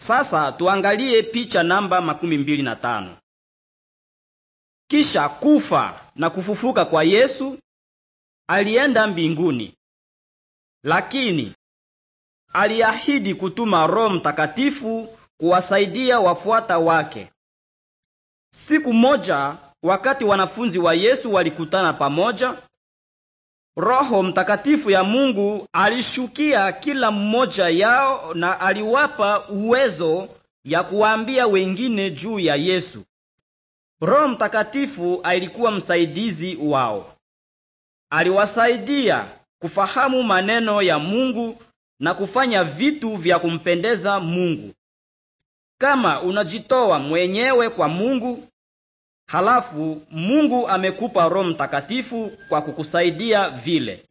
Sasa tuangalie picha namba makumi mbili na tano. Kisha kufa na kufufuka kwa Yesu, alienda mbinguni, lakini aliahidi kutuma Roho Mtakatifu kuwasaidia wafuata wake. Siku moja wakati wanafunzi wa Yesu walikutana pamoja, Roho Mtakatifu ya Mungu alishukia kila mmoja yao na aliwapa uwezo ya kuwaambia wengine juu ya Yesu. Roho Mtakatifu alikuwa msaidizi wao. Aliwasaidia kufahamu maneno ya Mungu na kufanya vitu vya kumpendeza Mungu. Kama unajitoa mwenyewe kwa Mungu, Halafu Mungu amekupa Roho Mtakatifu kwa kukusaidia vile.